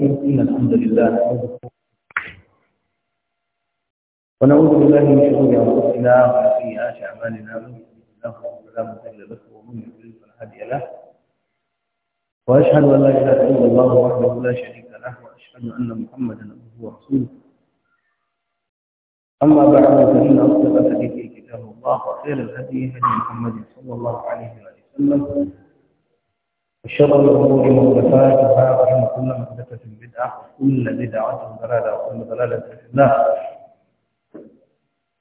إن الحمد لله ونعوذ بالله من شرور أنفسنا ومن سيئات أعمالنا من يهده الله فلا مضل له ومن يضلل فلا هادي له وأشهد أن لا إله إلا الله وحده لا شريك له وأشهد أن محمدا عبده ورسوله أما بعد فإن أصدق الحديث كتاب الله وخير الهدي هدي محمد صلى الله عليه وسلم الشر الأمور محدثاتها وإن كل محدثة بدعة وكل بدعة ضلالة وكل ضلالة في النار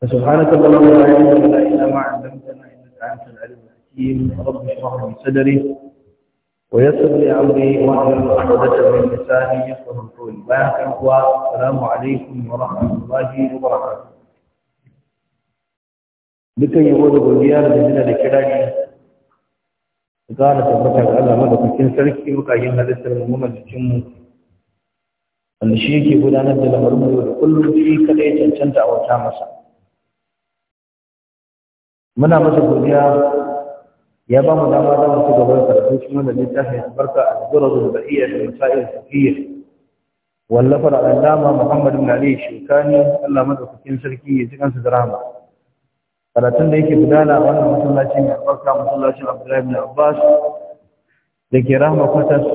فسبحانك اللهم لا علم لنا إلا ما علمتنا إنك أنت العليم الحكيم رب اشرح لي صدري ويسر لي أمري واحلل عقدة من لساني يفقه القول بارك السلام عليكم ورحمة الله وبركاته لكي يقول بالديار godiya da gara tabbata ga Allah madaukakin sarki bukakin halittar mu mamallakin mu wanda shi yake gudanar da lamarin mu da kullum shi kadai ya cancanta a wata masa muna masa godiya ya ba mu dama za mu ci gaba da karatu cikin wannan littafi barka a zurazul ba'iyya da masail fiqhiyya wallafar al'allama Muhammad bin Ali Shukani Allah madaukakin sarki ya ji kansa da rahama karatun da yake gudana a wannan masallacin mai albarka masallacin abdullahi bin abbas da ke rahama kwatas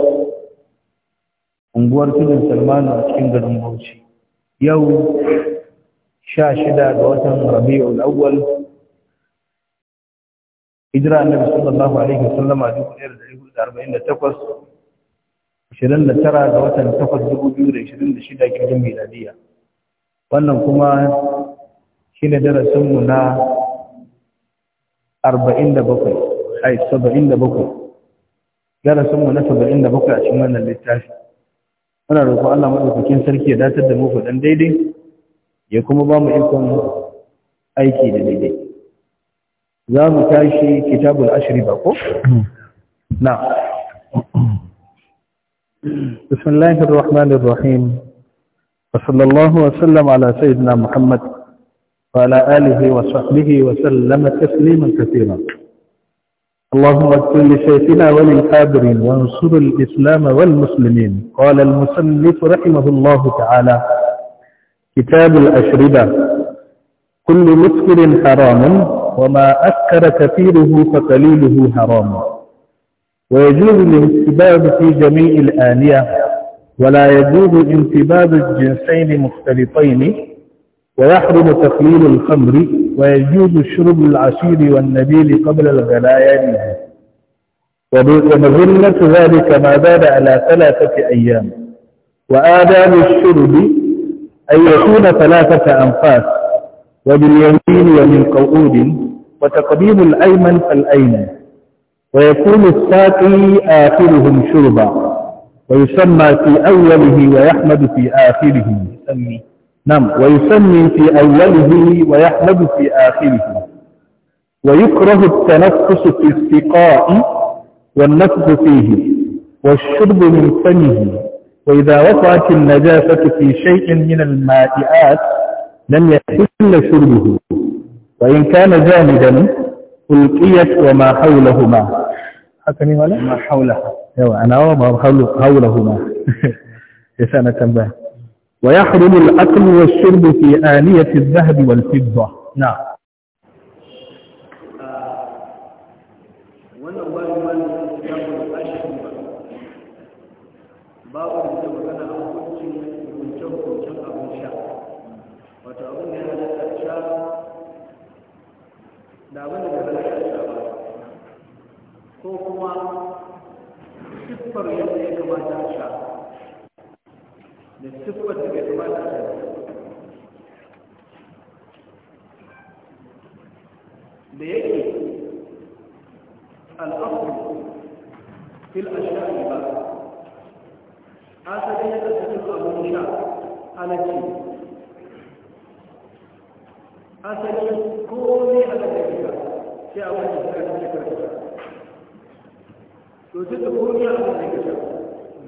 unguwar tudun salmanu a cikin garin bauchi yau sha shida ga watan rabi'ul awwal hijira annabi sallallahu alaihi wasallam a dubu ɗaya da dubu arba'in da takwas ashirin da tara ga watan takwas dubu biyu da ashirin da shida kirgin miladiya wannan kuma shine darasinmu na 47 ai 77 darasin mu na bakwai a cikin wannan littafi muna roƙon Allah madaukakin sarki ya datar da mu faɗan daidai ya kuma ba mu ikon aiki da daidai za mu tashi kitabul ashiri ba ko na بسم الله الرحمن الرحيم وصلى الله وعلى آله وصحبه وسلم تسليما كثيرا اللهم اغفر لشيخنا وللحابرين وانصر الإسلام والمسلمين قال المسلف رحمه الله تعالى كتاب الأشربة كل مسكر حرام وما أكر كثيره فقليله حرام ويجوز الانتباب في جميع الآلية ولا يجوز انتباب الجنسين مختلطين ويحرم تقليل الخمر ويجوز شرب العشير والنبيل قبل الغليان ومظلة ذلك ما زاد على ثلاثة أيام وآداب الشرب أن يكون ثلاثة أنفاس وباليمين ومن قعود وتقديم الأيمن فالأيمن ويكون الساقي آخرهم شربا ويسمى في أوله ويحمد في آخره يسمي نعم ويسمي في أوله ويحمد في آخره ويكره التنفس في السقاء والنفس فيه والشرب من فمه وإذا وقعت النجاسة في شيء من المائعات لم يحل شربه وإن كان جامدا ألقيت وما حولهما حكني ولا ما حولها يوا أيوة، أنا وما حولهما يسأل تنبه ويحرم الأكل والشرب في آلية الذهب والفضة نعم da sifar da bai kamata a da yake al'afur fil ashari ba asalin yadda cikin abin sha halacci asali komai halacci ba sai a wani suka cikin karfi to duk da komai halacci ba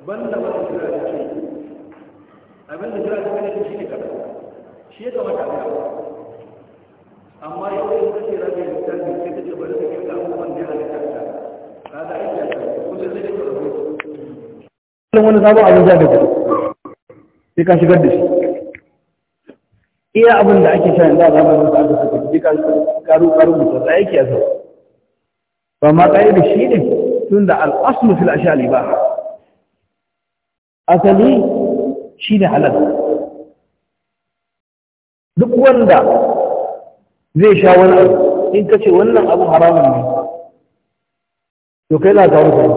banda wani kira da ce abin da jira cikin yadda shi ne kada a yin kashe sai bari da ya halitta ta aiki a kusa zai wani sabon abin sai shigar da shi iya abin da ake shayin da zamanin da aka saka ji ka karu karu mutum da yake yasa ba ma kai da shi ne tun da al-aslu fil ashali ba asali shi ne halal duk wanda zai sha wani abu in ka ce wannan abu haramun ne to kai na kawo kai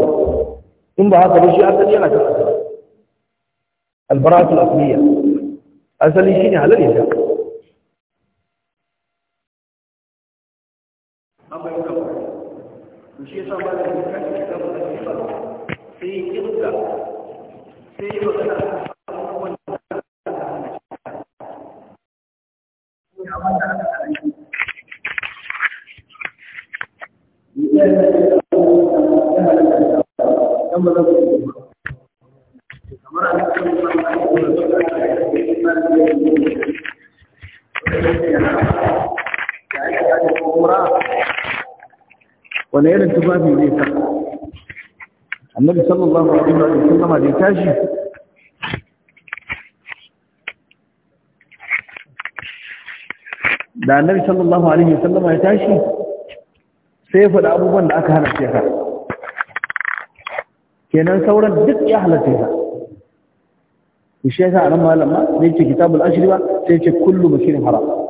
in ba haka ba shi asali yana kan asali albaratul asliya asali shi ne halal ya shi sai sai sallallahu alaihi wa sallama da ya tashi da annabi sallallahu alaihi wa sallama ya tashi sai ya faɗa abubuwan da aka hana shekar kenan sauran duk ya halatta ya shi ya sa a nan malama zai ce kitabul ashiri ba sai ce kullu mashirin haram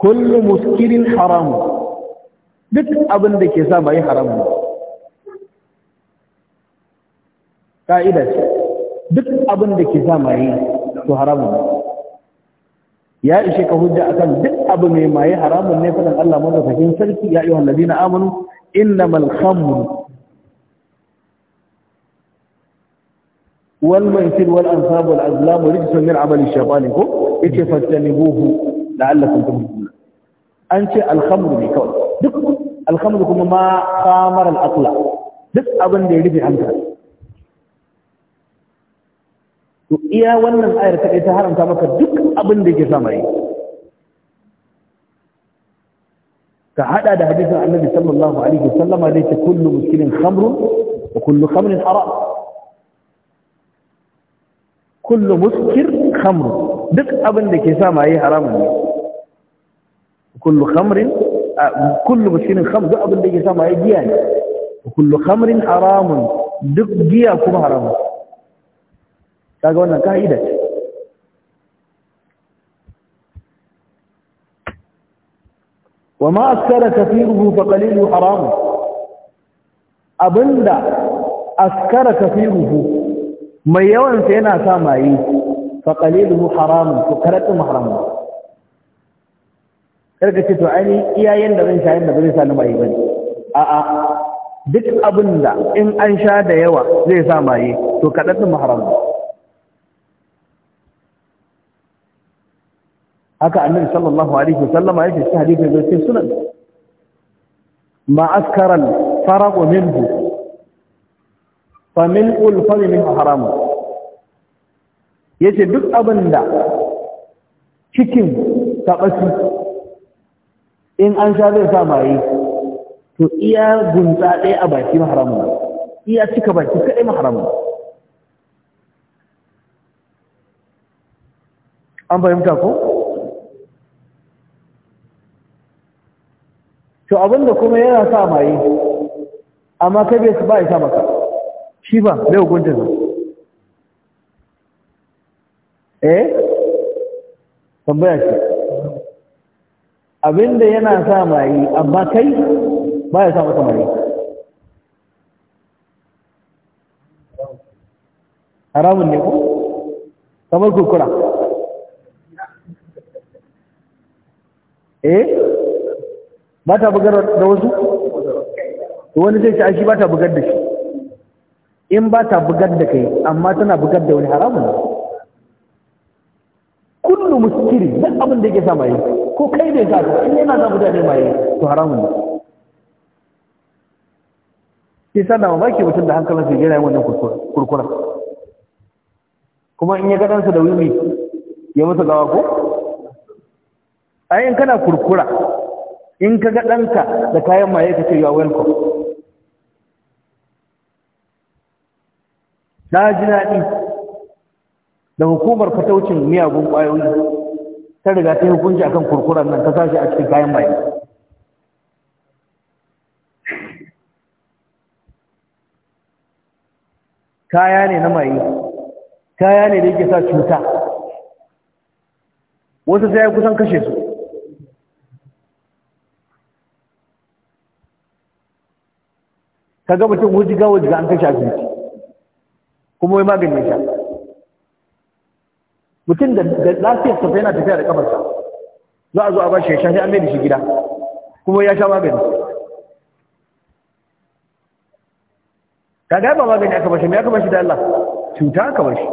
kullu muskirin haramu duk abin da ke sa ba yi haramu, ka'ida ce duk abin da ke sa ma yi to haramun ya ishe ka hujja a kan duk abu mai maye haramun ne fadan Allah sakin sarki ya ayyuhal ladina amanu inna khamru wal maisir wal ansab wal azlamu rijsun min amali shaytan ko yace buhu la'allakum tahmudun an ce alhamdu ne kawai duk alhamdu kuma ma khamar al duk abin da ya rufe hankali to iya wannan ayar ta ta haramta maka duk abin da ke sama yi ka hada da hadisin annabi sallallahu alaihi wasallama da yake kullu muskilin khamru, wa kullu khamrin haram kullu muskir khamru duk abin da ke sama yi haramun ne kullu khamrin kullu mushkirin kham duk abin da yake sama ya giya ne kullu khamrin haramun duk giya kuma haramun kaga wannan ka'ida ce wa ma askara kafiruhu fa qalilu haramun abinda askara kafiruhu mai yawansa yana sa yi fa qaliluhu haramun to karatu haramun karka ce to ainihin iyayen da zan sha yadda zai sa ni maye a a'a duk abin da in an sha da yawa zai sa maye to kaɗan ɗin maharam haka annabi sallallahu alaihi wasallam ya ce hadisi da sai sunan ma askaran faragu minhu famin ul fadl min haram yace duk abin da cikin tabasi in an sha zai sa maye to iya gunta ɗaya a baki maharamun iya cika baki kaɗai maharamun an fahimta ko? to abinda kuma yana sa maye amma kai bai ba isa maka shi ba bai gunta sa eh tambaya shi abinda yana sa mai amma kai ba ya sa mata mai haramun ne ko kamar kukura eh ba ta bugar da wasu wani zai ci a shi ba ta bugar da shi in ba ta bugar da kai amma tana bugar da wani haramun ne kullu muskiri duk abin da yake sa maye ko kai bai ga in yana za mutane maye to haramun ne sai sana baki mutum da hankalin su yana wannan kurkura kuma in ya gadan ɗansa da wuri ya musu gawa ko ai in kana kurkura in ka ga ɗanka da kayan maye ka ce you welcome na ji daɗi da hukumar fataucin miyagun ƙwayoyi ta riga ta hukunci akan kurkuran nan ta sashi a cikin kayan maye kaya ne na maye kaya ne da yake sa cuta wasu sai ya kusan kashe su ka ga mutum wujiga wujiga an kashe a kuma wai magani ya sha mutum da lafiyar tafiya yana tafiya da kafarsa za a zo a ba shi ya sha an mai da shi gida kuma ya sha magani kaga ba magani aka bashi ya kamar shi da Allah cuta aka bashi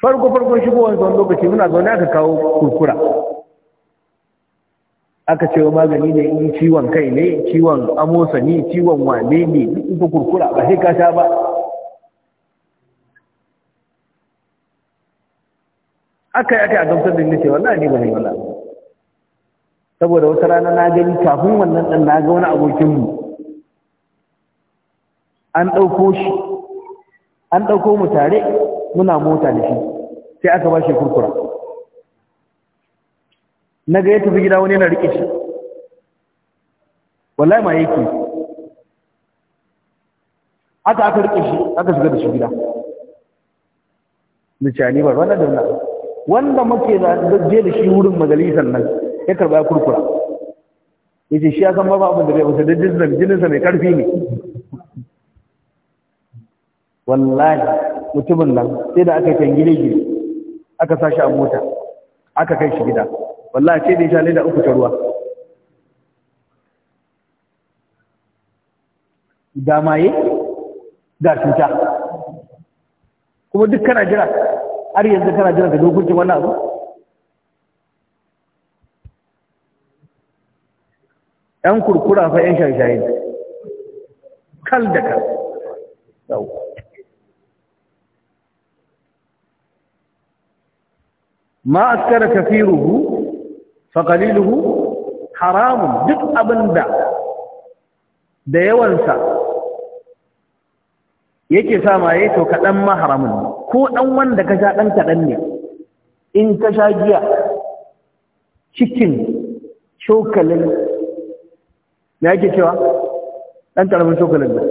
farko farko kowane zuwan lokaci muna zaune aka kawo kurkura aka ce wa magani ne in ciwon kai ne ciwon amosani ciwon wane ne in kurkura ba sai ka sha ba aka yi aka yi a gamsar da nace wallahi ni ba ne wala saboda wata rana na gani kafin wannan ɗan na ga wani abokinmu an ɗauko shi an ɗauko mu tare muna mota da shi sai aka ba shi kurkura na ga ya tafi gida wani yana riƙe shi wallahi ma yake aka aka riƙe shi aka shiga da shi gida mutane ba ruwan da wannan wanda muke je da shi wurin majalisar nan ya karba ya kurkura ya ce shi ya san ba abin da bai wasu da jininsa mai karfi ne wallahi mutumin nan sai da aka yi gine-gine, aka sa shi a mota aka kai shi gida wallahi sai da ya sha da uku ta ruwa Da maye ga cuta kuma duk kana jira har yanzu kana jiran ka dokokin wannan abu ɗan kurkura fa ƴan shaye kal da kal yau ma askara kafiruhu fa qaliluhu haramun duk abinda da yawansa yake sa maye to kaɗan maharamin ko dan wanda ka sha ta dan ne in ka sha giya cikin cokalin na yake cewa dan ƙaramin cokalin da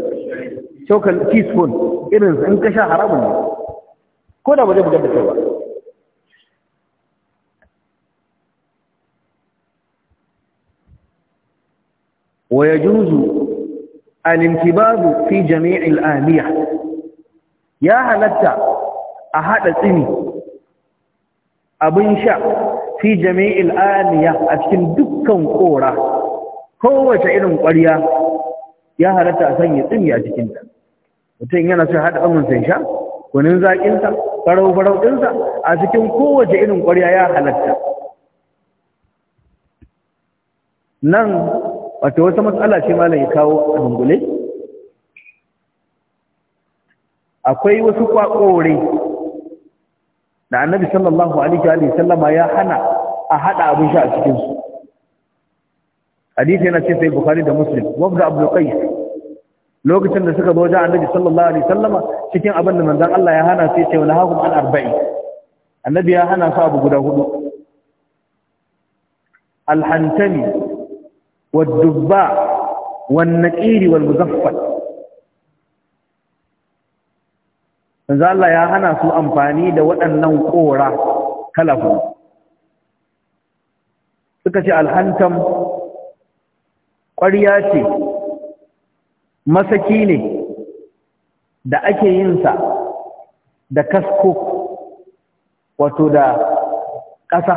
cokalin teaspoon irin in ka sha haramun ne ko da ba zai bugar da kai ba ويجوز الانتباه في جميع الآلية ya halatta a haɗa tsini abin sha fi jami'il aliyya a cikin dukkan ƙora kowace irin ƙwariya ya halatta a sanya tsini a cikinta mutum yana son haɗa sai sha kunin zaƙinsa farau-farau ɗinsa a cikin kowace irin ƙwariya ya halatta nan wata wata matsala ce malam ya kawo a dungule akwai wasu kwakore da annabi sallallahu alaihi wa sallama ya hana a hada abin sha a cikin su hadisi yana cikin sai bukhari da muslim wafda abdul qais lokacin da suka zo wajen annabi sallallahu alaihi wa sallama cikin abin da manzon Allah ya hana sai ce wala hakum an arba'in annabi ya hana su abu guda hudu alhantani والدباء والنقير والمزفل manzo Allah ya hana su amfani da waɗannan kora kala suka ce alhantam ƙwariya ce masaki ne da ake yin sa da kasko wato da ƙasa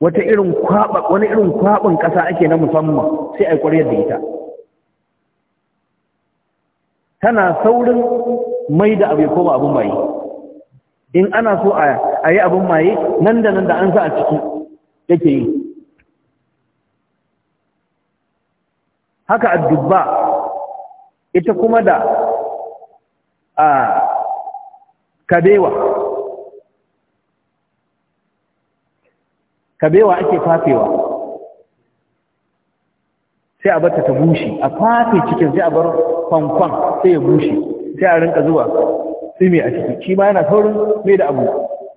wata irin kwaɓa wani irin kwaɓin ƙasa ake na musamman sai a yi ƙwariyar da ita tana saurin mai da abu koma abin maye in ana so a yi abin maye nan da nan da an sa a ciki yake yi haka addubba ita kuma da a kabewa kabewa ake fafewa sai a bata ta bushe a fafe cikin sai a bar kwankwan sai ya bushe sai a rinka zuwa sai mai a ciki shi ma yana saurin mai da abu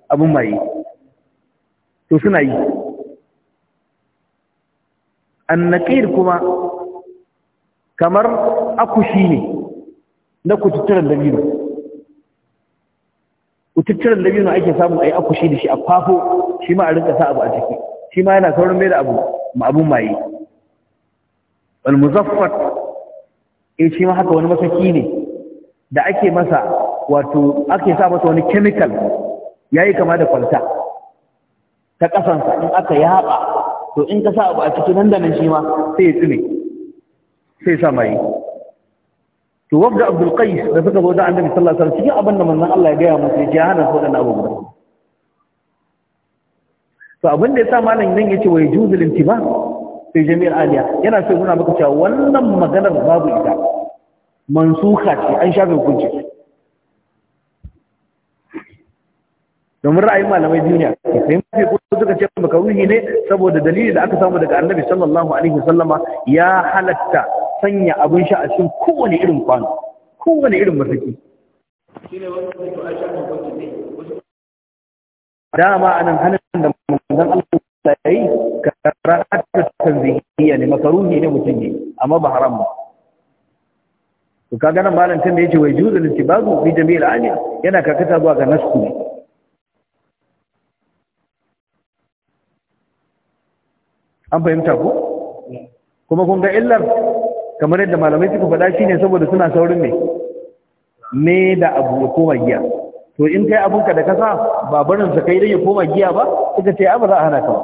abun maye to suna yi annaqir kuma kamar akushi ne na kututturan dabino kututturan dabino ake samu a yi akushi da shi a kwafo shi ma a rinka sa abu a ciki shi ma yana saurin mai da abu abun maye al-muzaffat eh shi ma haka wani masaki ne da ake masa wato ake sa masa wani chemical yayi kama da kwalta ta kasansa in aka yaba to in ka sa abu a cikin nan da nan shi ma sai ya tsine sai sa mai to wanda abdul qais da suka zo da annabi sallallahu alaihi wasallam cikin abin da manzon Allah ya gaya musu ya hana su da abubuwa to abin da ya sa malamin nan yace wai juzul intiba sai jami'ar aliya yana so muna maka cewa wannan maganar babu ita mansuka ce an shafe hukunci domin ra'ayin malamai duniya, ne sai mafi kuma suka ce wuhi ne saboda dalili da aka samu daga annabi sallallahu alaihi wasallama ya halatta sanya abin sha a cikin kowane irin kwano kowane irin masaki dama anan hannun da manzon Allah ya yi ka qira'atu tanzihiyya ne makaruhi ne mutum ne amma ba haram ba to kaga nan malam tun da yace wai juzu listibazu fi jami'il ani yana kakata zuwa ga nasku ne an fahimta ko kuma kun ga illar kamar yadda malamai suka faɗa shine saboda suna saurin ne me da abu ya koma giya to in kai abunka da kasa ba barin sa kai dai ya koma giya ba suka ce a ba za a hana ka ba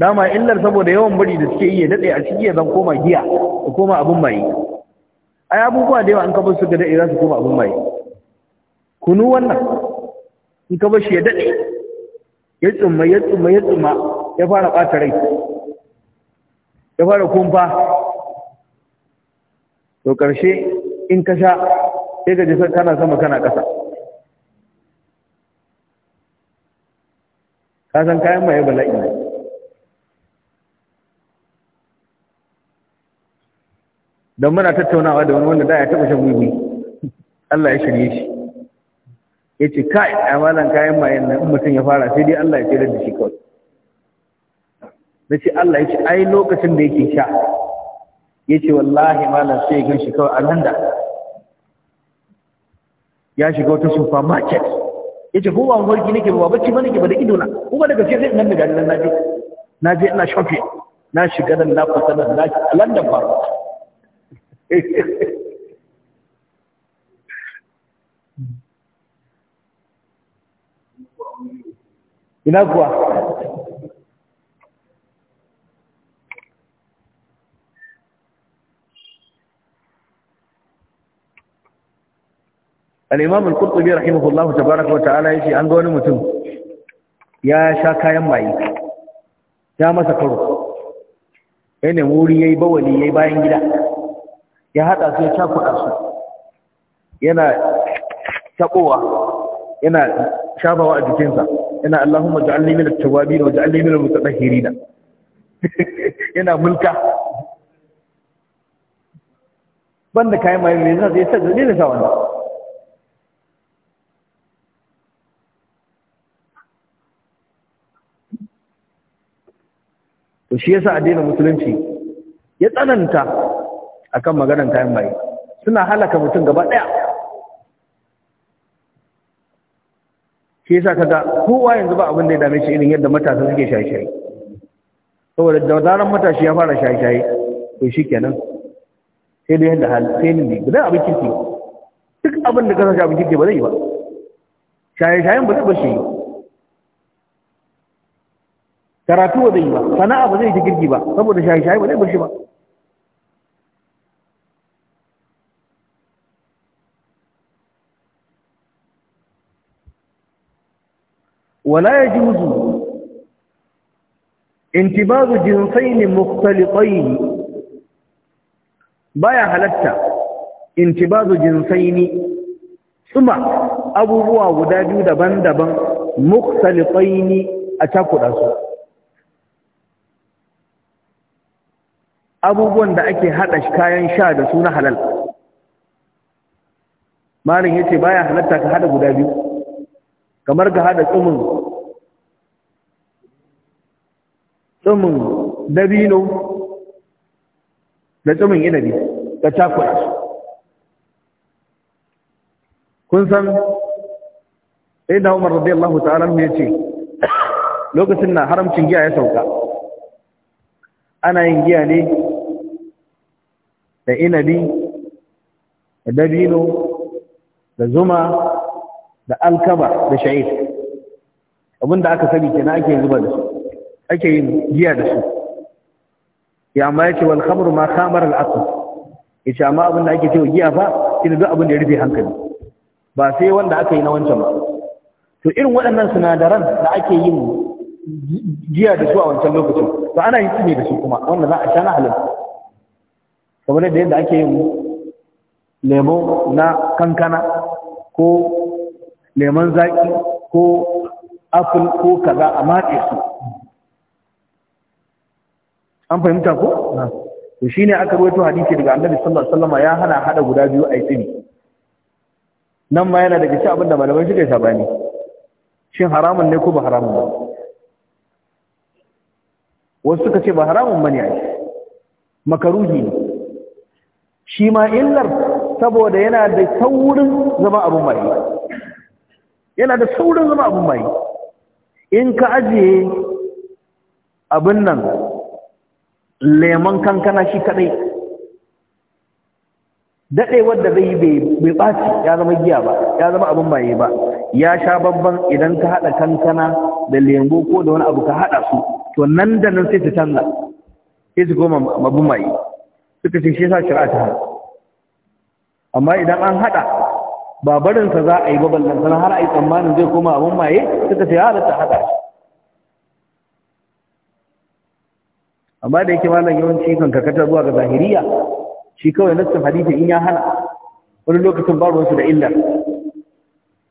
dama illar saboda yawan bari da suke iya daɗe a cikin zan koma giya da koma abin maye ai abubuwa da yawa an kaba su ga daɗe za su koma abin maye kunu wannan in kaba shi ya daɗe ya tsumma ya tsumma ya tsumma ya fara ɓata rai ya fara kumfa to ƙarshe in ka sha sai ka ji kana sama kana ƙasa ka san kayan mai bala'i ne don muna tattaunawa da wani wanda da ya taɓa shan wiwi Allah ya shirye shi ya ce kai a malan kayan mayan nan mutum ya fara sai dai Allah ya tsere da shi kawai na ce Allah ya ce ai lokacin da yake sha ya ce wallahi malam sai ya gan shi kawai alhanda ya shiga wata supermarket ya ce kowa mafarki nake ba bacci ba nake ba da idona kuma ba da gaske sai nan da gani nan na je na je ina shopping na shiga nan na fasa nan na landan ba ina kuwa al'imam al'urtubi rahimahullahu tabaraka wa ta'ala ya ce an ga wani mutum ya sha kayan maye ya masa karo ya wuri ya yi bawali ya yi bayan gida ya haɗa su ya cakuɗa su yana taɓowa yana shafawa a jikinsa yana Allahumma ja'alni min at-tawabin wa ja'alni min al-mutatahhirin yana mulka banda kayan maye ne zai sa sai ne sa wannan to shi yasa addinin musulunci ya tsananta akan maganar kayan maye suna halaka mutum gaba daya shi yasa kaga kowa yanzu ba abin da ya dame shi irin yadda matasa suke shaye-shaye saboda da zaran matashi ya fara shaye-shaye to shikenan sai dai yadda hal sai ne ba abin kirki duk abin da kasance abin kirki ba zai yi ba shaye-shayen ba zai shi yi karatu ba zai yi ba sana'a ba zai yi ta kirki ba saboda shaye-shaye ba zai shi ba ولا يجوز انتباه جنسين مختلطين بايا حلتا انتباه جنسين ثم ابو بوا وداجو دبان دبان مختلطين اتاكو داسو abubuwan da ake haɗa kayan sha da su halal malin yace baya halatta ka hada guda biyu kamar ga hada tsumin tsumin dabino da tsumin inabi da cakuɗa kun san sai da umar allahu ta'ala ya ce lokacin na haramcin giya ya sauka ana yin giya ne da inabi da dabino da zuma da alkaba da sha'ir abinda aka sani kenan ake zuba da su ake yin giya da su ya amma yace wal khamru ma khamara al aql yace amma abin da ake cewa giya fa shine duk abin da ya rufe hankali ba sai wanda aka yi na wancan ba to irin waɗannan sinadaran da ake yin giya da su a wancan lokacin to ana yin tsine da su kuma wanda za a sha na halal kamar da yadda ake yin lemo na kankana ko lemon zaki ko apple ko kaza a matse su an fahimta ko to shine aka ruwaito hadisi daga annabi sallallahu alaihi wasallam ya hana hada guda biyu a tsini nan ma yana daga cikin abin da malamai suka yi sabani shin haramun ne ko ba haramun ba wasu suka ce ba haramun bane ai makaruhi ne shi ma illar saboda yana da saurin zama abun mai yana da saurin zama abun mai in ka ajiye abin nan lemon kankana shi kadai daɗewar wadda zai yi bai ɓaci ya zama giya ba ya zama abin baye ba ya sha babban idan ka haɗa kankana da lemo ko da wani abu ka haɗa su to nan da nan sai ta canza sai su goma abin baye suka ce shi sa shari'a ta hana amma idan an haɗa ba barinsa za a yi ba ballan sana har a yi tsammanin zai koma abin maye suka ce ya ta haɗa shi amma da yake malam yawanci kan karkata zuwa ga zahiriya shi kawai nassin hadisi in ya hana wani lokacin ba ruwansu da illa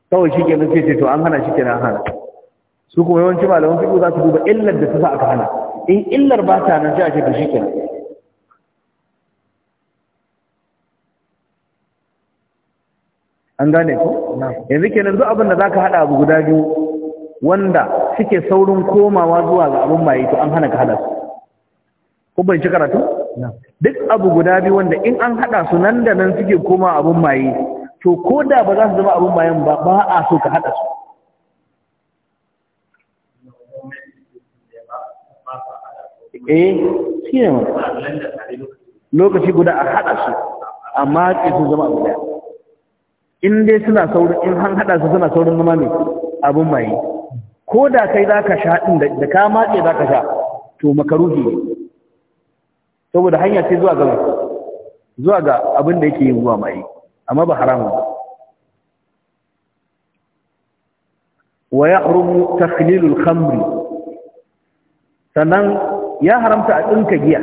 kawai shi ke nace ce to an hana shi ke nan hana su kuma yawanci malaman fiƙo za su duba illar da ta sa aka hana in illar ba ta nan sai a ce to shi ke nan an gane ko yanzu kenan duk abin da zaka hada abu guda biyu wanda suke saurin komawa zuwa ga abin maye to an hana ka hada su ko ban ci karatu duk abu guda biyu wanda in an hada su nan da nan suke koma abun maye to ko da ba za su zama abun mayen ba ba a so ka hada su eh shi ne lokaci guda a hada su amma su zama abun maye in dai suna saurin in an hada su suna saurin zama ne abun maye ko da kai za ka sha ɗin da ka matse za ka sha to makaruhi ne saboda hanya ce zuwa ga zuwa ga abin da yake yiwuwa mai amma ba haramu ba wa yahrumu takhlilul khamri sannan ya haramta a tsinka giya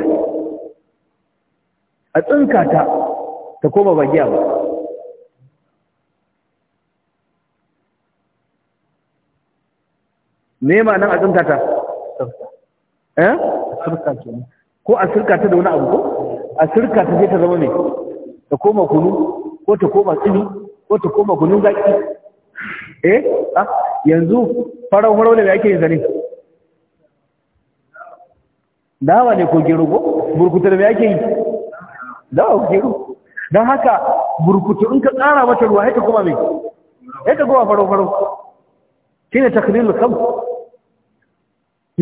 a tsinka ta ta koma ba giya ba me ma nan a tsinka ta eh tsinka kenan ko a sirka ta da wani abu ko a sirka ta sai ta zama mai ta koma kunu ko ta koma tsini ko ta koma kunun zaki eh ah yanzu farau farau da yake yin sa dawa ne ko gero ko burkutu da yake yi dawa ko gero don haka burkutu in ka tsara mata ruwa ya ta koma mai ya ta koma farau farau shine takrilul kam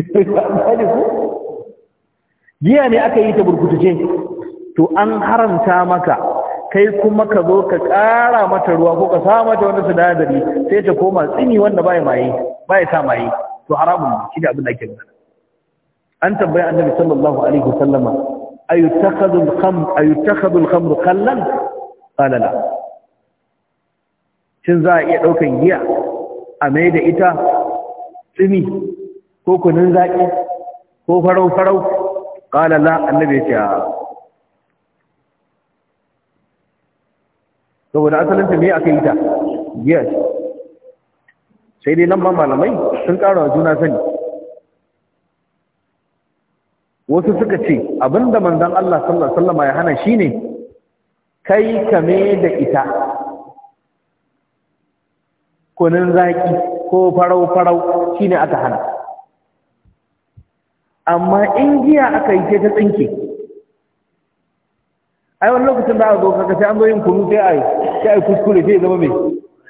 ne ko giya ne aka yi ta burkutuce to an haramta maka kai kuma ka zo ka ƙara mata ruwa ko ka sa mata wani sinadari sai ta koma tsini wanda baya maye baya sa maye to haramun ne shi da abin da ake nuna an tambayi annabi sallallahu alaihi wasallam ayutakhadhu al-khamr ayutakhadhu al-khamr khallan qala la shin za a iya daukan giya a mai da ita tsini ko kunun zaki ko farau farau qala la annabi ya ce saboda asalin ta me aka yi ta yes sai dai nan ma malamai sun ƙara juna sani wasu suka ce abinda manzon Allah sallallahu alaihi wasallam ya hana shine kai kame da ita Kunun zaki ko farau farau shine aka hana amma in giya aka yi ta tsinke ai wani lokacin da aka zo kaga sai an zo yin kunu sai ai sai ai kuskure sai zama mai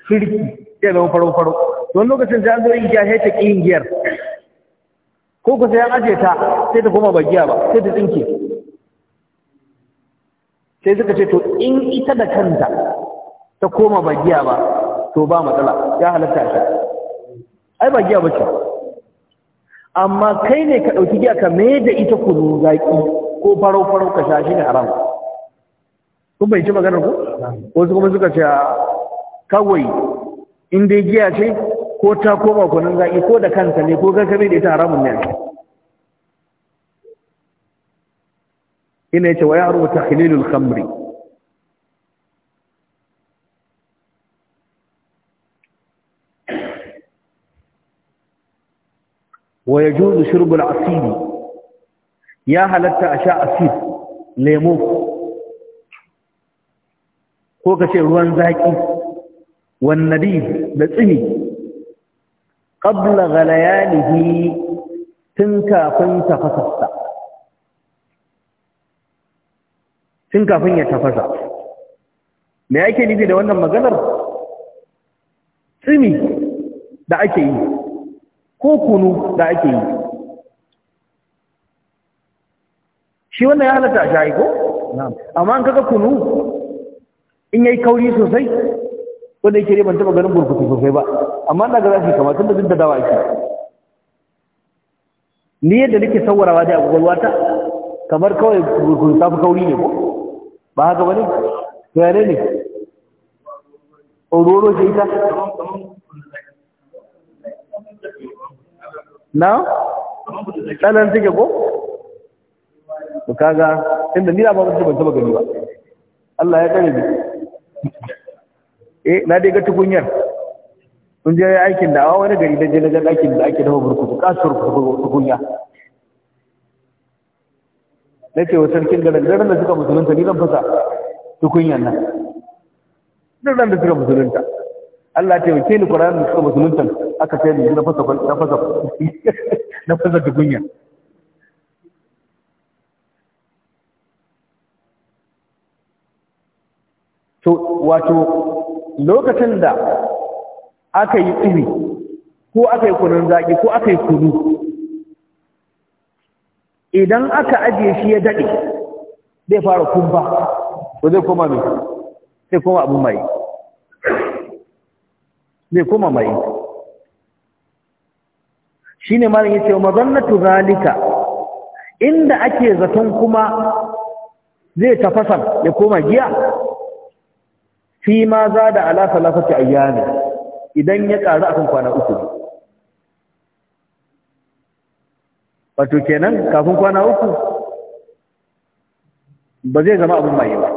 shirki sai zama faro faro to wani lokacin sai an zo yin giya sai ta yin giyar ko ku sai an aje ta sai ta koma ba giya ba sai ta tsinke sai suka ce to in ita da kanta ta koma ba giya ba to ba matsala ya halatta ta ai ba giya ba ce amma kai ne ka ɗauki giya ka mai da ita kunu zaƙi ko farau-farau ka sha shi ne haram kun bai ci maganar ku wasu kuma suka ce kawai in dai giya ce ko ta koma kunun zaƙi ko da kanta ne ko kanka mai da ita haramun ne ina yace wa ya'ru tahlilul khamri wa yajuzu shurbul asiri ya halatta a sha asir lemo ko kace ruwan zaki wan da tsini qabla ghalayanihi tun kafin tun kafin ya tafasa me yake nufi da wannan maganar tsimi da ake yi ko kunu da ake yi shi wannan ya halatta a shayi ko? amma an kaga kunu in yayi kauri sosai wanda yake ne ban taba ganin burkutu sosai ba amma daga ga za shi kamar tunda da dawa ake ni yadda nake sawarawa dai a gwagwalwata kamar kawai burkutu ta fi kauri ne ko ba haka ba ne to yare ne ororo ce ita na tsanan take ko to kaga inda ni ba ban taba gani ba Allah ya kare bi. eh na dai ga tukunyar kun je aikin da wani gari da je na ga aikin da ake dafa burkutu kasuwar tukunya na ce wa sarkin da garin da suka musulunta ni zan fasa tukunya nan duk da suka musulunta Allah ya ke ni Qur'anin da suka musulunta aka kai ni na fasa na fasa na fasa dugunya to wato lokacin da aka yi tsiri ko aka yi kunun zaki ko aka yi kunu idan aka ajiye shi ya daɗe zai fara kumfa ko zai koma mai sai koma abin mai zai koma mai shine malin yace wa mazannatu zalika inda ake zaton kuma zai tafasa ya koma giya fi ma za da ala salafati ayyami idan ya karu akan kwana uku wato kenan kafin kwana uku ba zai zama abin mai ba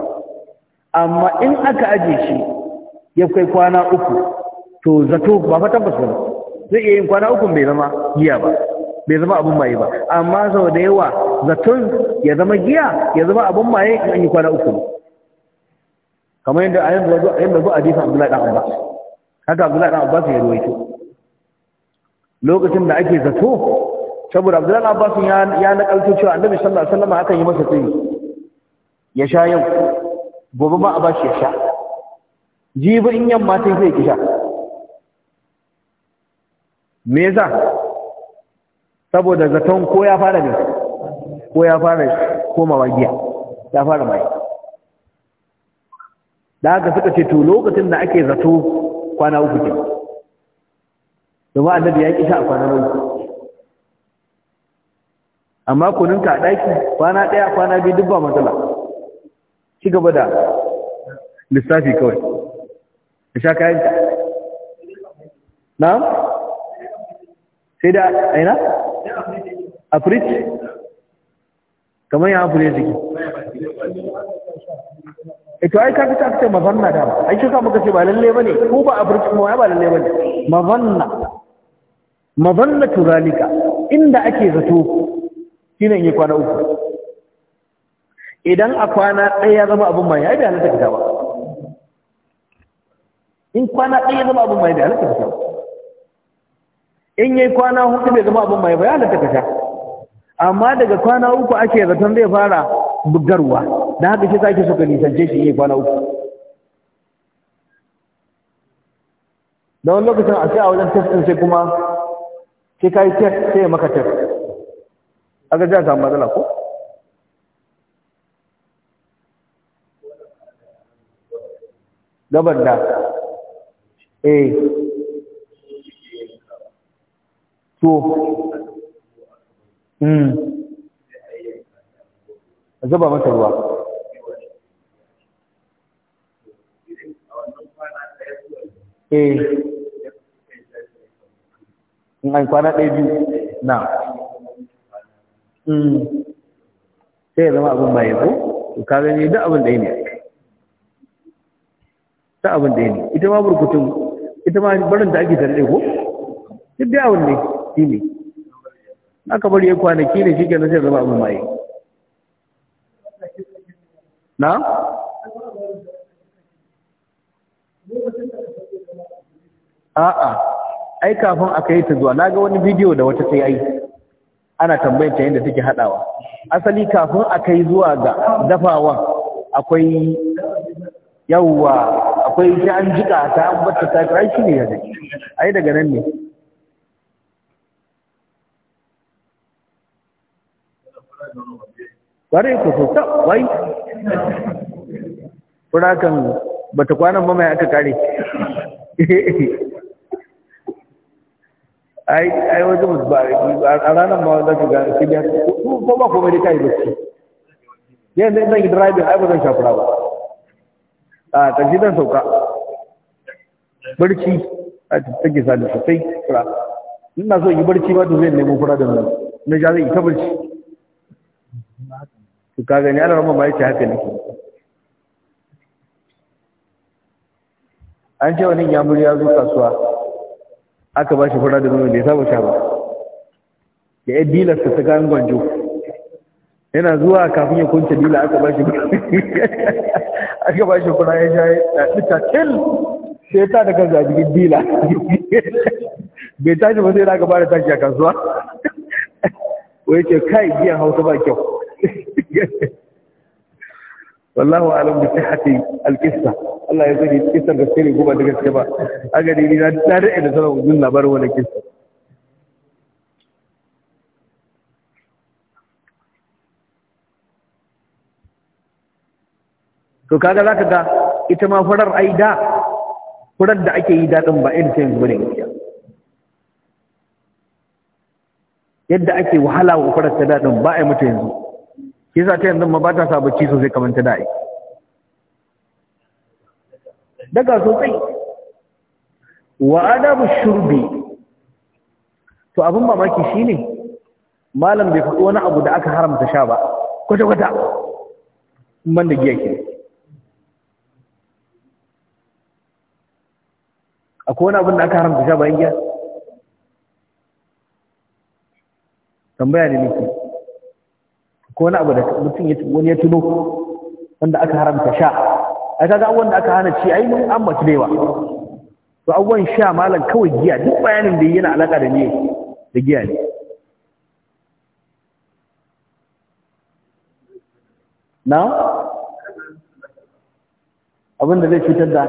amma in aka aje shi ya kai kwana uku to zato ba fa tabbas ba zai iya yin kwana uku bai zama giya ba bai zama abun maye ba amma sau da yawa zaton ya zama giya ya zama abun maye in an yi kwana uku kamar yadda a bazu ayin a hadisi Abdullahi dan Abbas haka Abdullahi dan Abbas ya ruwaito lokacin da ake zato saboda Abdullahi dan Abbas ya ya nakalto cewa Annabi sallallahu alaihi wasallam hakan yi masa tsayi ya sha yau gobe ma a bashi ya sha jibi in yamma sai zai sha. me za saboda zaton ko ya fara ne ko ya fara komawa giya ya fara mai da haka suka ce to lokacin da ake zato kwana uku ke, domin annabi ya kisha a kwana uku amma kuninka a ɗaki kwana ɗaya kwana biyu duk ba matsala ci gaba da lissafi kawai da sha kayan na? sai da aina a frit? kamar yawon hafi ne jiki ito eh, ai ka fita fita mazanna da ba ai shuka muka ce ba lalle ba ne? ko ba a frit kuma ba lalle ba ne. mazanna mazanna turalika inda ake zato shine yi kwana uku idan a kwana ɗaya ya zama abin mai yi da halatta ta ba in kwana ɗaya ya zama abin mai da halatta ta ba in yi kwana hudu bai zama abin mai bayan da ta kasha amma daga kwana uku ake zaton zai fara bugarwa da haka shi sake suka nisance shi yi kwana uku da wani lokacin a sai a wajen test ɗin sai kuma sai ka yi test sai ya maka test a ga za matsala ko gabar da eh to mm zuba masa ruwa eh in kwana ɗaya biyu na hmm, sai ya zama abin maye ko to ka gani da abin ɗaya ne ta abin ɗaya ne ita ma burkutun ita ma barin da ake tare ko duk da abin ne shi ne aka bari ya kwanaki ne shi kenan sai zama abu mai na? a'a ai kafin aka yi ta zuwa na ga wani bidiyo da wata sai yi ana tambayanta yadda take haɗawa asali kafin aka yi zuwa ga dafawa akwai yawwa akwai ta an jika ta an bata ta kai shi ne yanzu ai daga nan ne ƙwarai ku so ta wai kan bata kwanan ba mai aka kare ai ai wajen ba a ranar ma wanda ka gani shi ne ko ba komai da kai bacci yanzu ina yi driving ai ba zan shafura ba a ƙarshe zan sauka barci a take sani sosai kura ina so yi barci ba to zai nemo fura da nan na ja zai ita barci Suka ka gani ana rama ma yace haka nake an ce wani yamuri ya zo kasuwa aka ba shi fura da nono bai saba sha ba da ya dila su saka an gwanjo yana zuwa kafin ya kunce dila aka ba shi aka ba shi fura ya sha ya tsita til sai ta da kansa a jikin dila bai tashi ba sai da aka ba da tashi a kasuwa wai ce kai biyan hausa ba kyau wallahu alam bi sihhati al-qissa Allah ya sani kissar da sai goba da gaske ba aga dai ni na tare da sanar mun labarin wannan kissa to kaga zaka ga ita ma farar ai da farar da ake yi dadin ba irin sai bane gaskiya yadda ake wahala wa farar ta dadin ba ai mata yanzu sa ta yanzu ma ba ta sa bacci sosai kamar ta da'i daga sosai wa adabu shurbi to abin mamaki shine malam bai faɗi wani abu da aka haramta sha ba kwata-kwata man da giya ke akwai wani abin da aka haramta sha yin giya tambaya ne nake ko wani abu da mutum ya wani ya tuno wanda aka haramta sha ai kaga abubuwan da aka hana ci ai mun an da to abubuwan sha malam kawai giya duk bayanin da yana alaka da ne da giya ne na abin da zai cutar da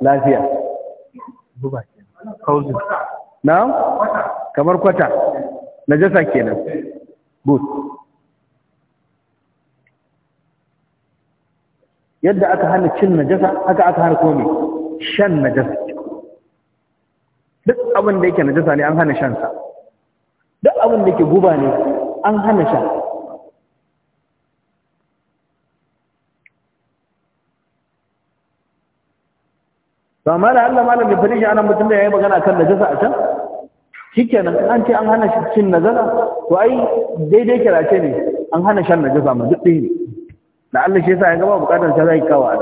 lafiya na kamar kwata najasa kenan good yadda aka hana cin najasa haka aka hana komai shan najasa duk abin da yake najasa ne an hana shan sa duk abin da yake guba ne an hana shan. ba ma da Allah malam bai fari shi anan mutum da ya yi magana kan najasa a can shikenan an ce an hana cin najasa to ai daidai kirace ne an hana shan najasa ma duk ɗaya ne da Allah shi yasa ya gaba bukatar ta zai kawo a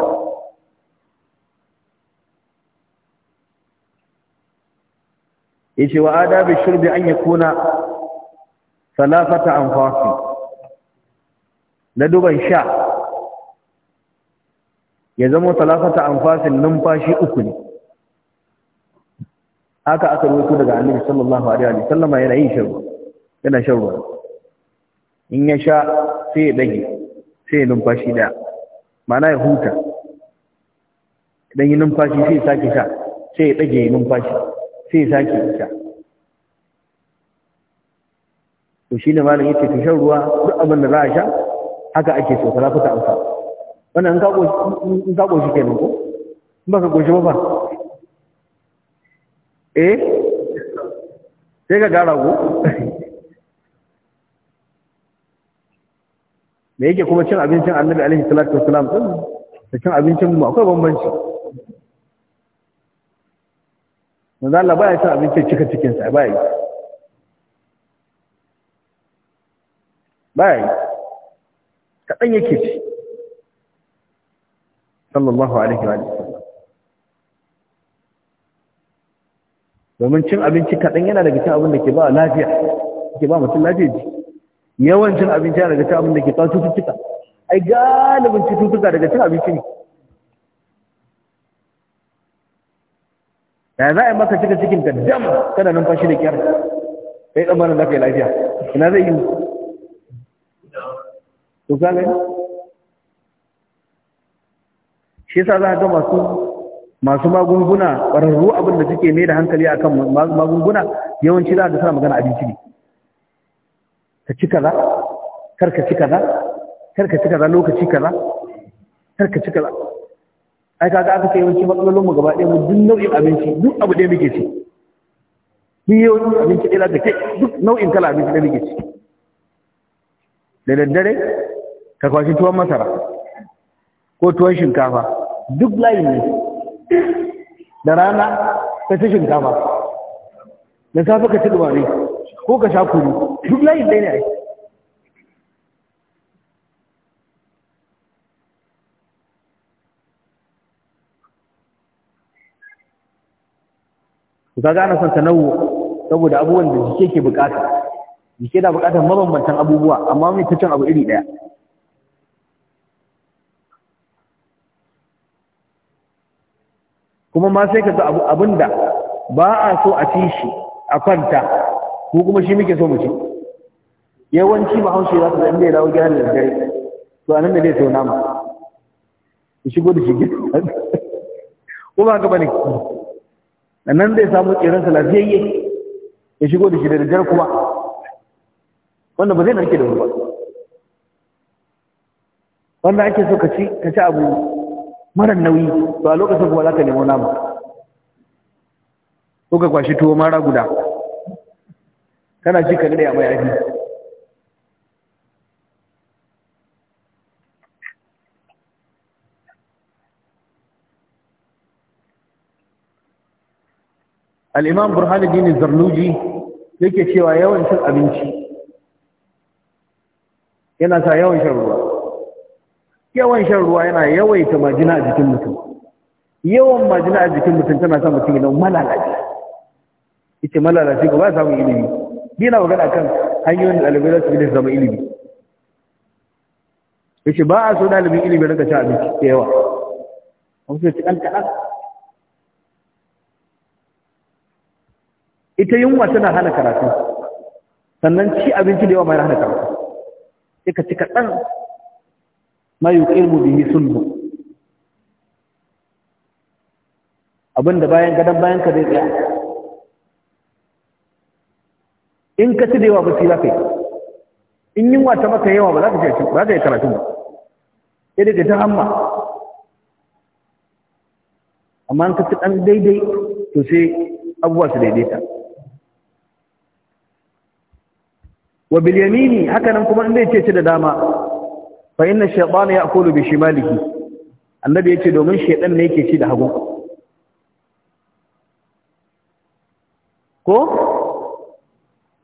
Ya ce wa adabi shurbi an yakuna salafata anfasi na duban sha ya zama salafata anfasin numfashi uku ne haka aka rubuto daga annabi sallallahu alaihi wasallama yana yin shan yana shan ruwa in ya sha sai ya dage sai numfashi da mana ya huta idan yi numfashi sai ya sake sha sai ya ɗage numfashi sai ya sake sha to shi ne malam yake tushen ruwa duk abin da za a sha haka ake so ka lafuta amsa wannan in ka ƙoshi kenan ko in ba ka ƙoshi ba ba eh sai ka gara ko me yake kuma cin abincin annabi alaihi salatu wasalam din da cin abincin mu akwai bambanci manzo Allah baya cin abincin cika cikin sa baya baya kadan yake ci sallallahu alaihi wa sallam domin cin abinci kadan yana daga cikin abin da ke ba lafiya ke ba mutum lafiya yawancin abinci daga cin abin da ke kawo cututtuka ai galibin cututtuka daga cin abinci ne da za a yi maka cika cikin ka dam kana numfashi da kyar kai tsammanin za ka yi lafiya ina zai yi to ka gani shi yasa za a ga masu masu magunguna ƙwararru abin da suke mai da hankali akan magunguna yawanci za ka suna magana abinci ne ka ci kaza kar ka ci kaza kar ka ci kaza lokaci kaza kar ka ci kaza ai kaga aka kai yawanci matsalolin mu gaba ɗaya mu duk nau'in abinci duk abu ɗaya muke ci ni yawanci abinci ɗaya da ke duk nau'in kala abinci ɗaya muke ci da daddare ka kwashi tuwon masara ko tuwon shinkafa duk layin ne da rana ka ci shinkafa da safe ka ci dumame ko ka sha kunu duk layin ɗaya ne a yi ka gane son tanawu saboda abubuwan da jike ke bukata jike da bukatar mabambantan abubuwa amma mai ta cin abu iri daya kuma ma sai ka ga abinda ba a so a ci shi a kwanta ko kuma shi muke so mu ci yawanci ba haushi za su zai ya dawo gida da dare. to anan da zai sau nama ya shigo da shi gida ko ba ka bane nan zai samu tsirin sa lafiyayye ya shigo da shi da dare kuma wanda ba zai narke da wani ba wanda ake so ka ci ka ci abu mara nauyi to a lokacin kuma za ka nemo nama ko ka kwashi tuwo mara guda kana ji ka dade a mayafi al-imam burhanuddin zarnuji yake cewa yawan cin abinci yana sa yawan shan ruwa yawan shan ruwa yana yawaita majina a jikin mutum yawan majina a jikin mutum tana sa mutum yana malalaci ita malalaci ba za samun ilimi Ni yana magana kan hanyoyin da ɗalibai za su gina zama ilimi ya ce ba a so ɗalibin ilimi na cin abinci da yawa a wasu ci kaɗan ita yunwa tana hana karatu sannan ci abinci da yawa ma hana karatu sai ka ci kaɗan ma yi ilmu sun sulhu abinda bayan gadon bayan ka zai tsaya in ka ci da yawa bacci za yi in yunwa wata maka yawa ba za ka ci ba za ka yi karatu ba sai daga ta hamma amma in ka ci ɗan daidai to sai abubuwa su daidaita wa bilyamini haka nan kuma in zai ce ci da dama fa inna shaytana ya'kulu bi shimalihi annabi yace domin shaytan ne yake ci da hagu ko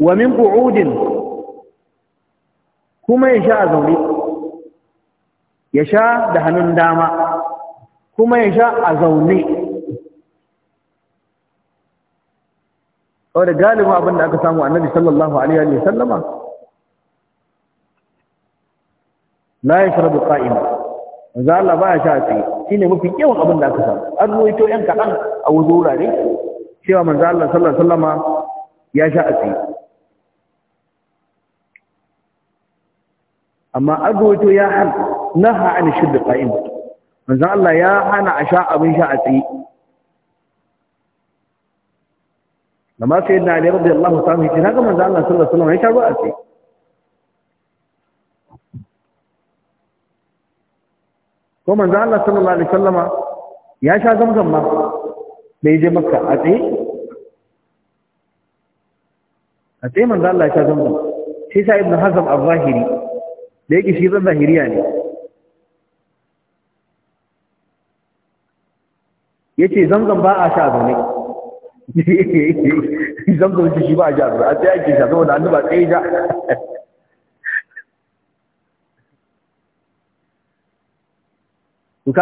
wa min bu'udin, kuma ya sha a zaune ya sha da hannun dama kuma ya sha a zaune wadda galibin abinda aka samu annabi sallallahu alaihi wa sallama la ya shirabu ƙa'ima za Allah ba ya sha a tsaye shi ne mafi yawan abinda aka samu an ruwaito ‘yan kaɗan a wasu wurare cewa manzo Allah sallallahu alaihi wa sallama ya sha a tsaye amma agwato ya hana naha an shirda qa'im manzon Allah ya hana a sha abin sha a tsaye amma sai na Ali radiyallahu ta'ala ya kaga manzon Allah sallallahu alaihi wasallam ya sha ruwa a tsaye ko manzon Allah sallallahu alaihi wasallama ya sha zamzam ma bai je makka a tsaye a tsaye manzon Allah ya sha zamzam sai sa ibn hazm al-zahiri da yake shi zan zahiriya ne ya ce zamzam ba a sha zaune zamzam shi ba a sha zaune a tsaye ake sha saboda annu ba tsaye sha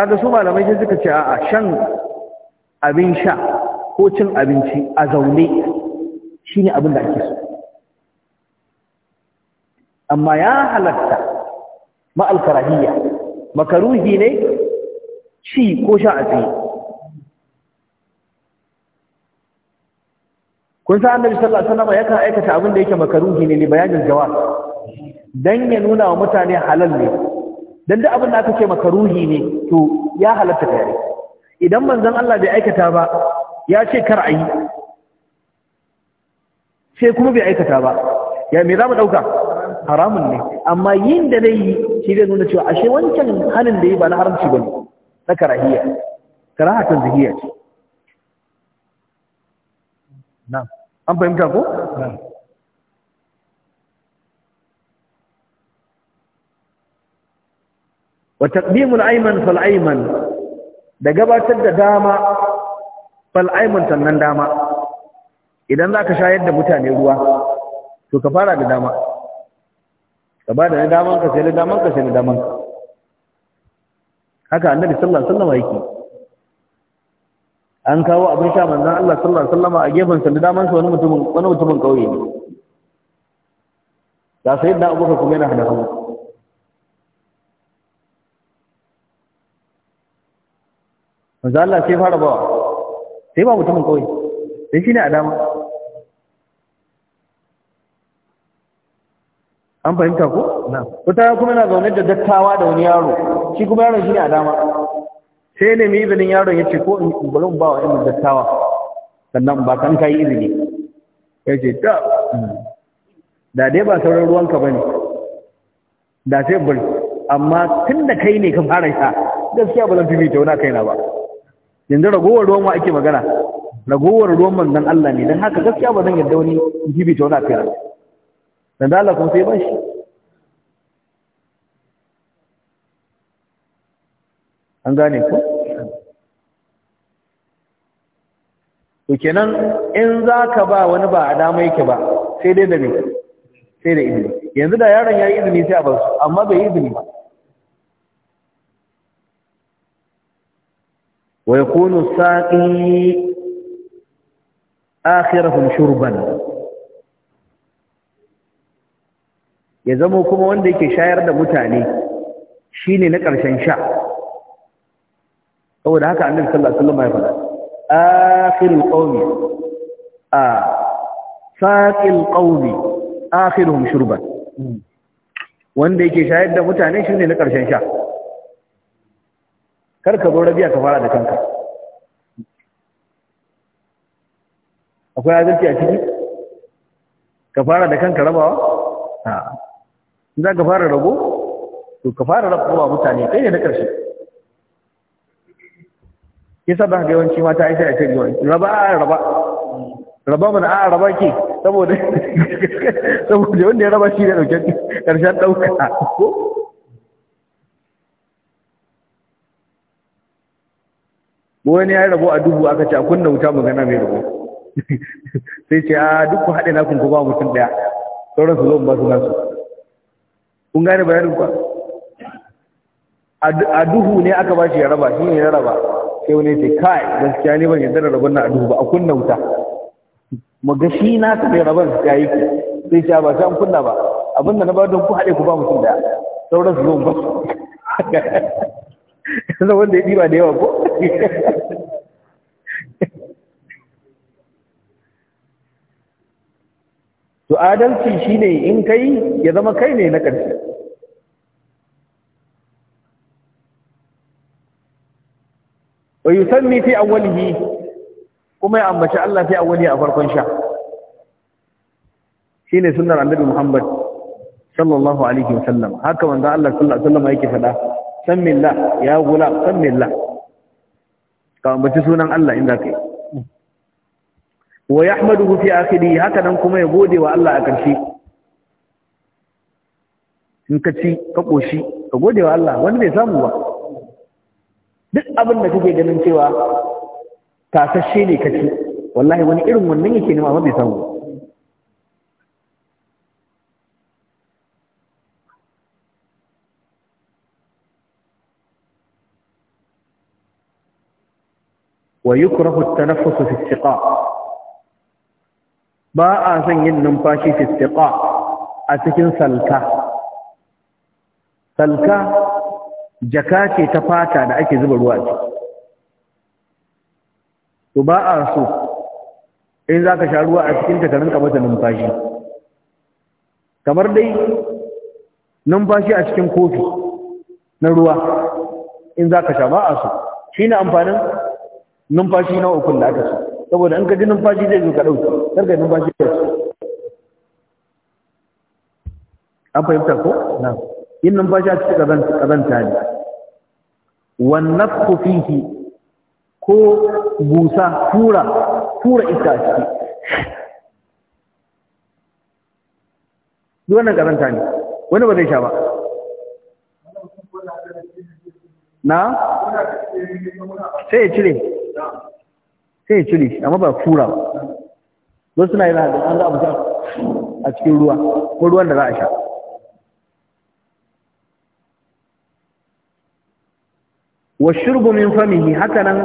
da su malamai shi suka ce a shan abin sha ko cin abinci a zaune shine abin da ake so amma ya halatta ma'al karahiyya makaruhi ne ci ko sha a tsaye kun sa annabi sallallahu alaihi wasallam yakan aikata abin da yake makaruhi ne ne bayanin jawab dan ya nuna wa mutane halal ne dan duk abin da aka ce makaruhi ne to ya halatta kare idan manzon Allah bai aikata ba ya ce kar ayi sai kuma bai aikata ba ya me za mu dauka haramun ne amma yin da nayi shi zai nuna cewa ashe wancan hannun da yi ba na haramci ba ne na karahiyya karaha ta ce na an fahimta ko? wa wata ayman aiman fal'aiman da gabatar da dama fal'aiman sannan dama idan za ka shayar da mutane ruwa to ka fara da dama kaba da na daman ka sai da daman ka sai da daman ka haka annabi sallallahu alaihi wasallam yake an kawo abin sha manzo Allah sallallahu alaihi wasallam a gefen sa da daman sa wani mutumin wani mutumin kauye ne da da Abubakar kuma yana hada manzo Allah sai fara bawa sai ba mutumin kauye sai shine a dama an fahimta ko wata kuma yana zaune da dattawa da wani yaro shi kuma yaron shi ne a dama sai ne mai izinin yaron ya ce ko in bari ba wa irin dattawa sannan ba kan kayi izini ya ce ta da dai ba sauran ruwanka ba ne da sai bari amma tun da kai ne ka fara sa gaskiya ba zan fi mita wani kaina ba yanzu ragowar ruwan wa ake magana ragowar ruwan manzon Allah ne don haka gaskiya ba zan yarda wani fi mita wani kaina ba Da Allah kuma sai bashi. shi an gane ku to kenan in zaka ba wani ba a dama yake ba sai dai da ne sai da izini yanzu da yaron ya yi izini sai a ba su amma bai yi izini ba wa yakunu saqi akhirahum shurban ya zamo kuma wanda yake shayar da mutane shi ne na ƙarshen sha saboda haka annabi sallallahu alaihi wasallam ya faɗa akhirul qawmi a saqil qawmi akhiruhum shurban wanda yake shayar da mutane shi ne na ƙarshen sha kar ka zo rabiya ka fara da kanka akwai adalci a ciki ka fara da kanka rabawa za ka fara rago to ka fara rabuwa mutane kai ne na ƙarshe kisa ba ga yawanci mata aisha a ce raba a raba raba mana a raba ke saboda saboda wanda ya raba shi ne dauke ƙarshen ɗauka ko wani ya rabo a dubu aka ce a kunna wuta magana mai rabo sai ce a duk ku haɗe na kun ku ba mutum ɗaya sauran su zo ba su nasu kun gane bayanin kuwa a duhu ne aka ba shi ya raba shi ne ya raba sai wani ce kai gaskiya ne ban yadda da rabon na a duhu ba a kunna wuta ga shi na ka raban rabon ya yi sai sha ba sai an kunna ba abin da na ba don ku haɗe ku ba mutum da sauran su zo ba yanzu wanda ya ɗiba da yawa ko to adalci shine in kai ya zama kai ne na ƙarshe wa yusammi fi awwalihi kuma ya ambaci Allah fi awwali a farkon sha shine sunnar annabi Muhammad sallallahu alaihi wasallam haka manzo Allah sallallahu alaihi wasallam yake fada sammillah ya gulam sammillah ka ambaci sunan Allah inda kai wa yahmaduhu fi akhirih haka nan kuma ya gode wa Allah a karshe in ka ci ka koshi ka gode wa Allah wanda bai samu ba abin da kake ganin cewa tasashe ne kace wallahi wani irin wannan yake nema amma bai samu ويكره التنفس في Ba a سن yin numfashi fi a cikin salka salka jaka ce ta fata da ake zuba ruwa ce to ba a so in za ka sha ruwa a cikin takarin kamata numfashi kamar dai numfashi a cikin kofi na ruwa in za ka sha ba a so shi ne amfanin numfashi na ukun da aka so saboda in ka ji numfashi zai zo ka ɗauki karka numfashi ya so an fahimta ko na yin numfashi a cikin ƙazanta ne wannafku fihi ko busa tura tura ita ce ciki duk wannan karanta ne wani ba zai sha ba na sai ya cire sai ya cire amma ba tura ba Wasu suna yi na an za a a cikin ruwa ko ruwan da za a sha wa min famihi haka nan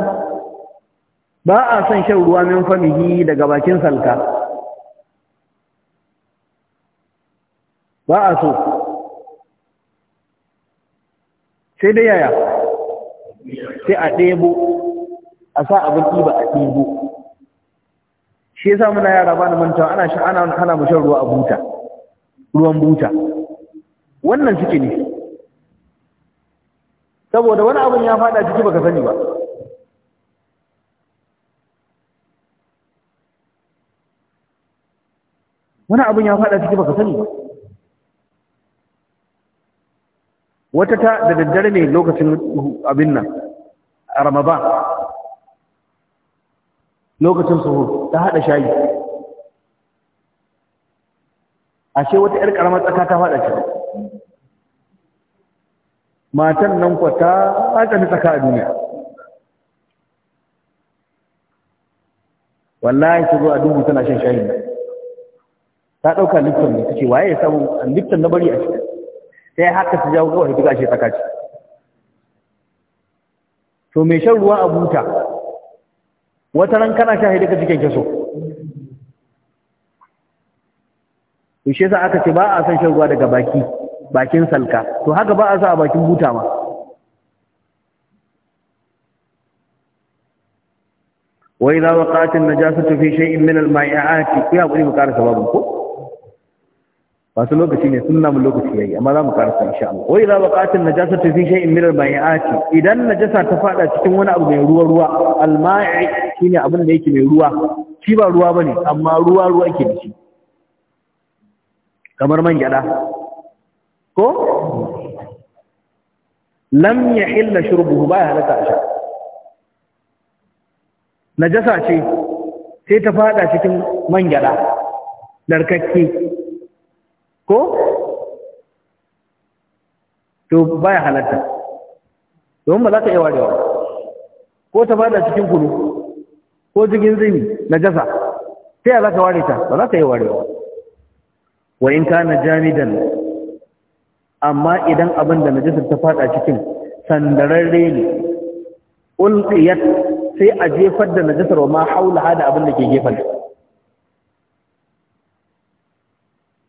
ba a son shan ruwa min famihi daga bakin salka ba a so sai dai yaya sai a ɗebo a sa abin ɗiba a ɗebo shi yasa muna yara ba na manta ana ana hana mu shan ruwa a buta ruwan buta wannan suke ne saboda wani abin ya fada ciki baka sani ba wani abin ya fada ciki baka sani ba wata ta da daddare ne lokacin abin nan a ramadan lokacin suhu, ta hada shayi ashe wata 'yar karamar tsaka ta fada ciki matan nan kwa ta tafi tsaka a duniya wallahi ta zo a dubu tana shan shayin nan ta ɗauka lifton ne ta waye ya samu lifton na bari a cikin? sai haka ta jawo kawai ta shi tsaka ce to mai shan ruwa a buta wata ran kana sha haidaka cikin kyaso to shi yasa aka ce ba a san shan ruwa daga baki bakin salka to haka ba a sa a bakin buta ma wa idza waqa'at an-najasatu fi shay'in min al maiat ya kuri mu karasa babu ko wasu lokaci ne sunna mu lokaci yayi amma za mu karasa insha Allah wa idza waqa'at an-najasatu fi shay'in min al maiat idan najasa ta fada cikin wani abu mai ruwa ruwa al-ma'i shine abin da yake mai ruwa shi ba ruwa bane amma ruwa ruwa yake da shi kamar man gyada ko lam yahilla shurbuhu ba ya halaka a sha najasa ce sai ta fada cikin man gyada larkakke ko to ba ya halatta domin ba za ka iya warewa ko ta fada cikin kunu ko cikin zini najasa sai ya za ka ware ta ba za ka iya warewa wa in ka na jami'an amma idan abin da najisar ta fada cikin sandararre ne ulqiyat sai a jefar da najisar ma haula hada abin da ke gefen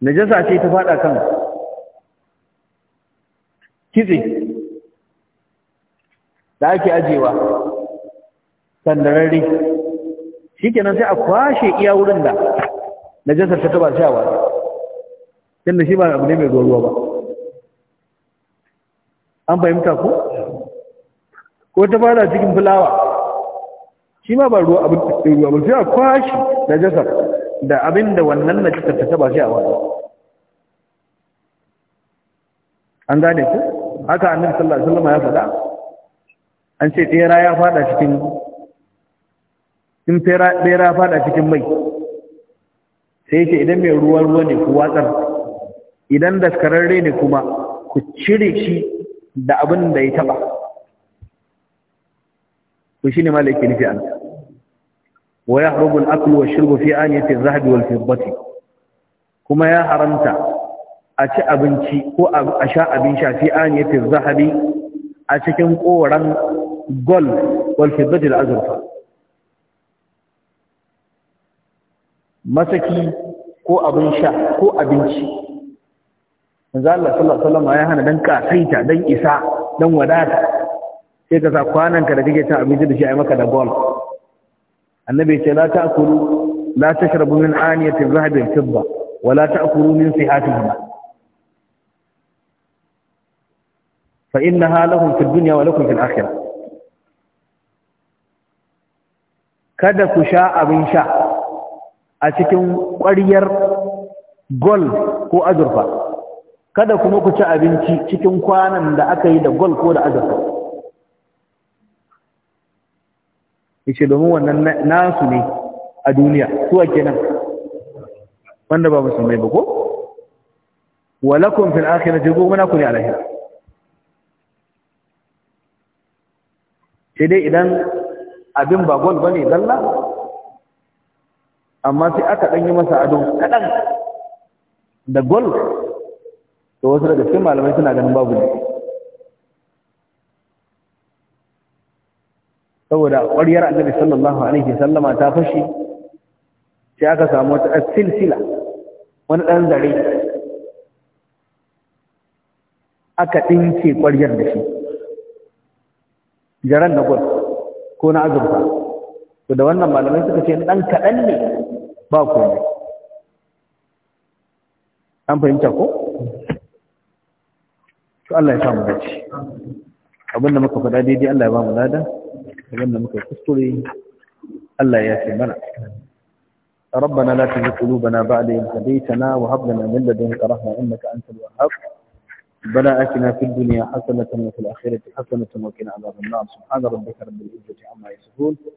najasa ce ta fada kan kitse da ake ajewa sandararre shikenan sai a kwashe iya wurin da najasar ta taba shawa da shi ba abu ne mai ruwa ba an fahimta ko ko ta fara cikin fulawa shi ma ba ruwa abin ruwa ba sai a kwashi da jasar da abin da wannan na cikin ta taba sai a wani an gane ku haka annabi sallallahu alaihi wasallam ya faɗa an ce tsera ya fada cikin in tsera fada cikin mai sai ce idan mai ruwan ruwa ne ku watsar idan daskararre ne kuma ku cire shi da abin da ya taba shi ne malaki nufi an wa yahrubu al-aklu wa shirgu fi aniyati adh-dhahab wal fiddati kuma ya haramta a ci abinci ko a sha abin sha fi aniyati adh zahabi a cikin koran gol wal firbati da azurfa masaki ko abin sha ko abinci manzo Allah sallallahu alaihi wasallam ya hana dan kasaita dan isa dan wadata sai ka sa kwanan ka da kake cin abinci da shi ai maka da gol annabi ya ce la ta'kulu la tashrabu min aniyati dhahab wal fidda wa la ta'kulu min sihatihi fa innaha lahum fid dunya wa lakum fil akhirah kada ku sha abin sha a cikin ƙwaryar gol ko azurfa kada kuma ku ci abinci cikin kwanan da aka yi da gol ko da azurfa yace domin wannan nasu ne a duniya suwa kenan wanda ba musulmai ba ko walakum fil akhirati gumana kuni alaihi sai dai idan abin ba gol bane dalla amma sai aka danyi masa ado kadan da gol to wasu daga cikin malamai suna ganin babu ne saboda ƙwaryar annabi sallallahu alaihi sallama ta fashi sai aka samu wata silsila wani ɗan zare aka ɗinke ƙwaryar da shi jaran na gwal ko na azurfa to da wannan malamai suka ce ɗan kaɗan ne ba komai an fahimta ko to Allah ya samu dace abinda muka faɗa daidai Allah ya ba mu lada abinda muka kuskure Allah ya ce mana ربنا لا تزغ قلوبنا بعد إذ هديتنا وهب لنا من لدنك رحمة إنك أنت الوهاب ربنا آتنا في الدنيا حسنة وفي الآخرة حسنة وقنا عذاب النار سبحان ربك رب العزة عما يصفون